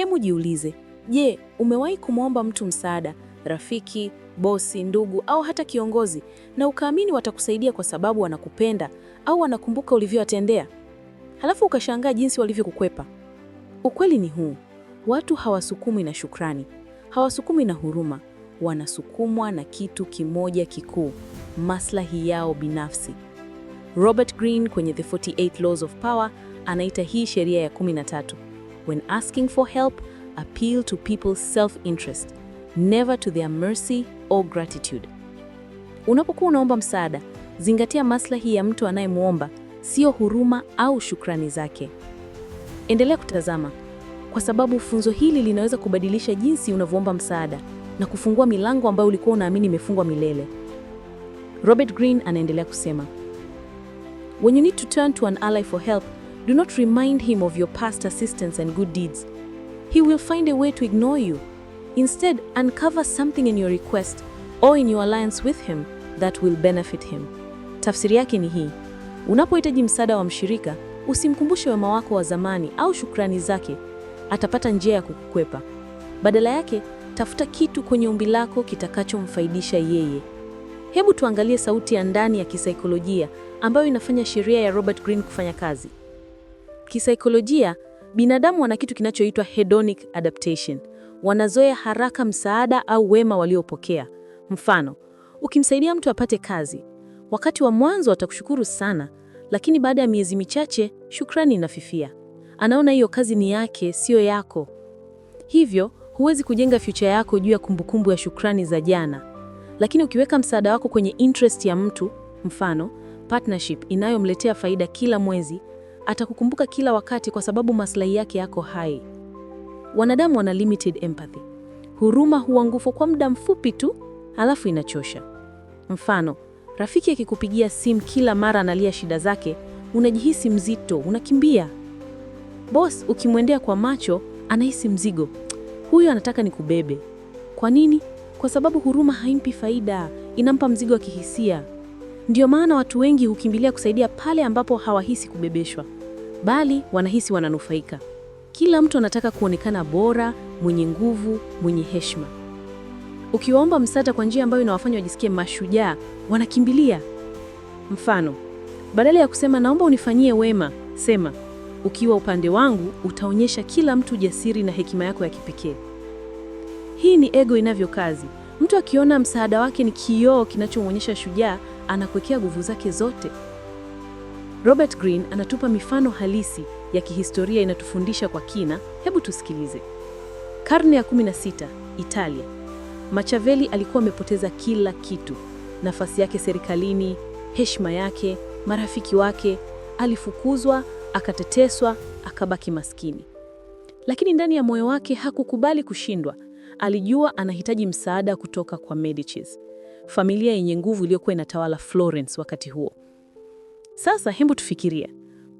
Hebu jiulize, je, umewahi kumwomba mtu msaada, rafiki, bosi, ndugu au hata kiongozi, na ukaamini watakusaidia kwa sababu wanakupenda au wanakumbuka ulivyowatendea, halafu ukashangaa jinsi walivyokukwepa? Ukweli ni huu: watu hawasukumwi na shukrani, hawasukumwi na huruma, wanasukumwa na kitu kimoja kikuu: maslahi yao binafsi. Robert Greene kwenye The 48 Laws of Power anaita hii sheria ya 13. When asking for help, appeal to people's self-interest, never to their mercy or gratitude. Unapokuwa unaomba msaada, zingatia maslahi ya mtu anayemwomba, sio huruma au shukrani zake. Endelea kutazama kwa sababu funzo hili linaweza kubadilisha jinsi unavyoomba msaada na kufungua milango ambayo ulikuwa unaamini imefungwa milele. Robert Greene anaendelea kusema, When you need to turn to an ally for help, Do not remind him of your past assistance and good deeds. He will find a way to ignore you. Instead, uncover something in your request or in your alliance with him that will benefit him. Tafsiri yake ni hii: unapohitaji msaada wa mshirika, usimkumbushe wema wako wa zamani au shukrani zake. Atapata njia ya kukukwepa. Badala yake, tafuta kitu kwenye umbi lako kitakachomfaidisha yeye. Hebu tuangalie sauti ya ndani ya kisaikolojia ambayo inafanya sheria ya Robert Greene kufanya kazi. Kisaikolojia, binadamu wana kitu kinachoitwa hedonic adaptation. Wanazoea haraka msaada au wema waliopokea. Mfano, ukimsaidia mtu apate kazi, wakati wa mwanzo atakushukuru sana, lakini baada ya miezi michache shukrani inafifia. Anaona hiyo kazi ni yake, siyo yako. Hivyo huwezi kujenga future yako juu ya kumbukumbu ya shukrani za jana. Lakini ukiweka msaada wako kwenye interest ya mtu, mfano partnership inayomletea faida kila mwezi, atakukumbuka kila wakati kwa sababu maslahi yake yako hai. Wanadamu wana limited empathy. Huruma huwa nguvu kwa muda mfupi tu, halafu inachosha. Mfano, rafiki akikupigia simu kila mara analia shida zake, unajihisi mzito, unakimbia. Boss ukimwendea kwa macho, anahisi mzigo. Huyo anataka nikubebe. Kwa nini? Kwa sababu huruma haimpi faida, inampa mzigo wa kihisia. Ndio maana watu wengi hukimbilia kusaidia pale ambapo hawahisi kubebeshwa bali wanahisi wananufaika. Kila mtu anataka kuonekana bora, mwenye nguvu, mwenye heshima. Ukiwaomba msaada kwa njia ambayo inawafanya wajisikie mashujaa, wanakimbilia. Mfano, badala ya kusema naomba unifanyie wema, sema ukiwa upande wangu utaonyesha kila mtu jasiri na hekima yako ya kipekee. Hii ni ego inavyokazi. Mtu akiona msaada wake ni kioo kinachomwonyesha shujaa, anakuwekea nguvu zake zote. Robert Greene anatupa mifano halisi ya kihistoria inatufundisha kwa kina. Hebu tusikilize. Karne ya 16, Italia. Machiavelli alikuwa amepoteza kila kitu: nafasi yake serikalini, heshima yake, marafiki wake. Alifukuzwa, akateteswa, akabaki maskini, lakini ndani ya moyo wake hakukubali kushindwa. Alijua anahitaji msaada kutoka kwa Medicis, familia yenye nguvu iliyokuwa inatawala Florence wakati huo. Sasa hebu tufikirie,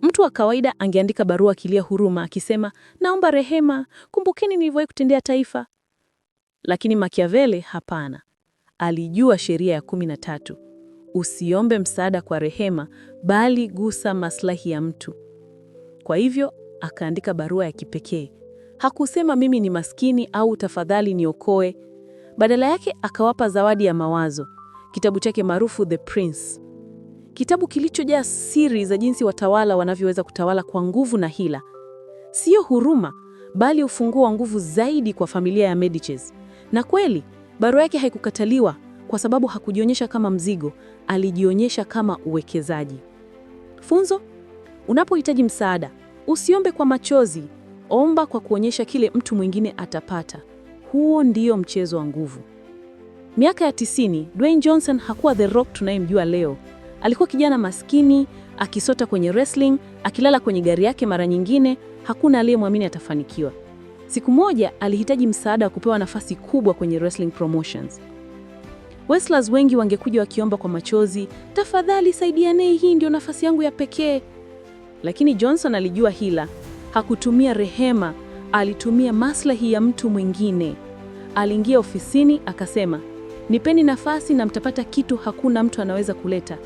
mtu wa kawaida angeandika barua akilia huruma, akisema naomba rehema, kumbukeni nilivyowahi kutendea taifa. Lakini Machiavelli hapana, alijua sheria ya kumi na tatu: usiombe msaada kwa rehema, bali gusa maslahi ya mtu. Kwa hivyo akaandika barua ya kipekee. Hakusema mimi ni maskini au tafadhali niokoe. Badala yake akawapa zawadi ya mawazo, kitabu chake maarufu The Prince kitabu kilichojaa siri za jinsi watawala wanavyoweza kutawala kwa nguvu na hila. sio huruma, bali ufunguo wa nguvu zaidi kwa familia ya Medicis. Na kweli barua yake haikukataliwa kwa sababu hakujionyesha kama mzigo, alijionyesha kama uwekezaji. Funzo: unapohitaji msaada, usiombe kwa machozi, omba kwa kuonyesha kile mtu mwingine atapata. Huo ndio mchezo wa nguvu. Miaka ya tisini, Dwayne Johnson hakuwa The Rock tunayemjua leo. Alikuwa kijana maskini akisota kwenye wrestling, akilala kwenye gari yake mara nyingine. Hakuna aliyemwamini atafanikiwa. Siku moja alihitaji msaada wa kupewa nafasi kubwa kwenye wrestling promotions. Wrestlers wengi wangekuja wakiomba kwa machozi, tafadhali saidia Nei, hii ndio nafasi yangu ya pekee. Lakini Johnson alijua hila. Hakutumia rehema, alitumia maslahi ya mtu mwingine. Aliingia ofisini akasema, nipeni nafasi na mtapata kitu hakuna mtu anaweza kuleta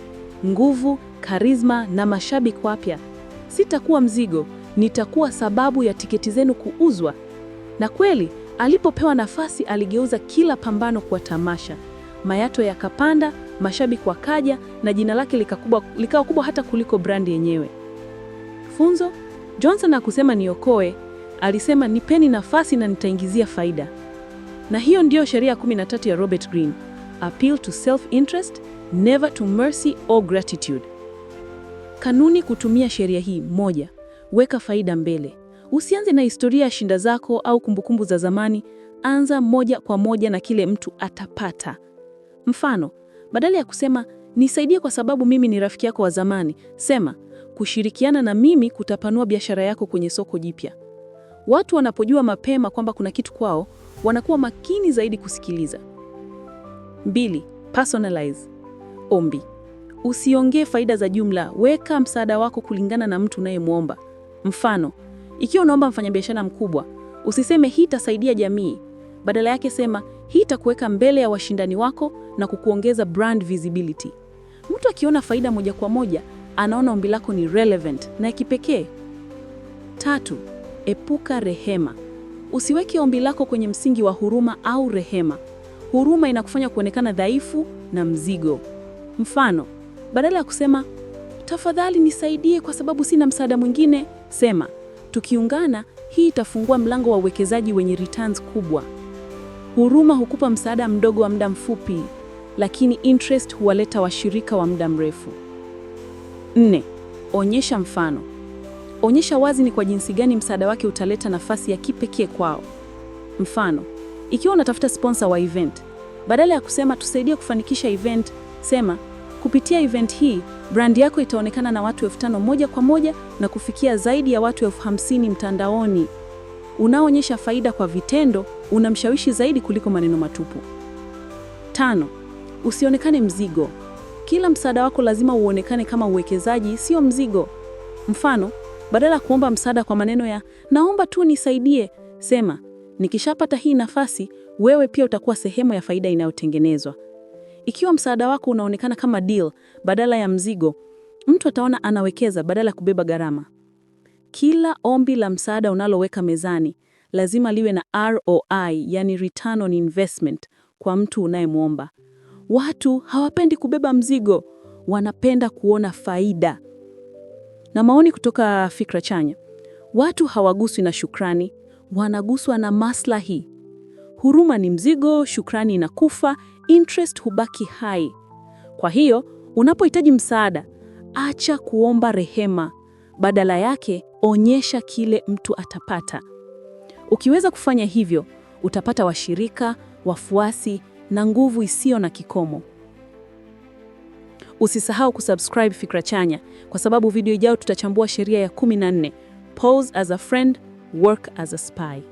nguvu, karizma na mashabiki wapya. Sitakuwa mzigo, nitakuwa sababu ya tiketi zenu kuuzwa. Na kweli alipopewa nafasi aligeuza kila pambano kuwa tamasha. Mayato yakapanda, mashabiki wakaja, na jina lake likakuwa lika kubwa hata kuliko brandi yenyewe. Funzo: Johnson hakusema niokoe, alisema nipeni nafasi na nitaingizia faida. Na hiyo ndiyo sheria 13 ya Robert Greene appeal to self-interest, never to mercy or gratitude. Kanuni kutumia sheria hii: moja, weka faida mbele. Usianze na historia ya shinda zako au kumbukumbu za zamani. Anza moja kwa moja na kile mtu atapata. Mfano, badala ya kusema nisaidie kwa sababu mimi ni rafiki yako wa zamani, sema kushirikiana na mimi kutapanua biashara yako kwenye soko jipya. Watu wanapojua mapema kwamba kuna kitu kwao, wanakuwa makini zaidi kusikiliza. Mbili, personalize ombi. Usiongee faida za jumla, weka msaada wako kulingana na mtu unayemwomba. Mfano, ikiwa unaomba mfanyabiashara mkubwa, usiseme hii itasaidia jamii. Badala yake sema hii itakuweka mbele ya washindani wako na kukuongeza brand visibility. Mtu akiona faida moja kwa moja, anaona ombi lako ni relevant na ya kipekee. Tatu, epuka rehema. Usiweke ombi lako kwenye msingi wa huruma au rehema huruma inakufanya kuonekana dhaifu na mzigo. Mfano, badala ya kusema tafadhali nisaidie kwa sababu sina msaada mwingine, sema tukiungana, hii itafungua mlango wa uwekezaji wenye returns kubwa. Huruma hukupa msaada mdogo wa muda mfupi, lakini interest huwaleta washirika wa muda mrefu. Nne, onyesha mfano. Onyesha wazi ni kwa jinsi gani msaada wake utaleta nafasi ya kipekee kwao. Mfano, ikiwa unatafuta sponsor wa event, badala ya kusema tusaidie kufanikisha event, sema kupitia event hii brand yako itaonekana na watu elfu tano moja kwa moja na kufikia zaidi ya watu elfu hamsini mtandaoni. Unaonyesha faida kwa vitendo, unamshawishi zaidi kuliko maneno matupu. Tano, usionekane mzigo. Kila msaada wako lazima uonekane kama uwekezaji, sio mzigo. Mfano, badala ya kuomba msaada kwa maneno ya naomba tu nisaidie, sema Nikishapata hii nafasi, wewe pia utakuwa sehemu ya faida inayotengenezwa. Ikiwa msaada wako unaonekana kama deal badala ya mzigo, mtu ataona anawekeza badala ya kubeba gharama. Kila ombi la msaada unaloweka mezani lazima liwe na ROI, yani return on investment, kwa mtu unayemwomba. Watu hawapendi kubeba mzigo, wanapenda kuona faida. Na maoni kutoka Fikra Chanya: watu hawaguswi na shukrani, wanaguswa na maslahi. Huruma ni mzigo, shukrani inakufa, interest hubaki hai. Kwa hiyo unapohitaji msaada, acha kuomba rehema, badala yake onyesha kile mtu atapata. Ukiweza kufanya hivyo, utapata washirika, wafuasi na nguvu isiyo na kikomo. Usisahau kusubscribe Fikra Chanya kwa sababu video ijayo tutachambua sheria ya 14, pose as a friend work as a spy.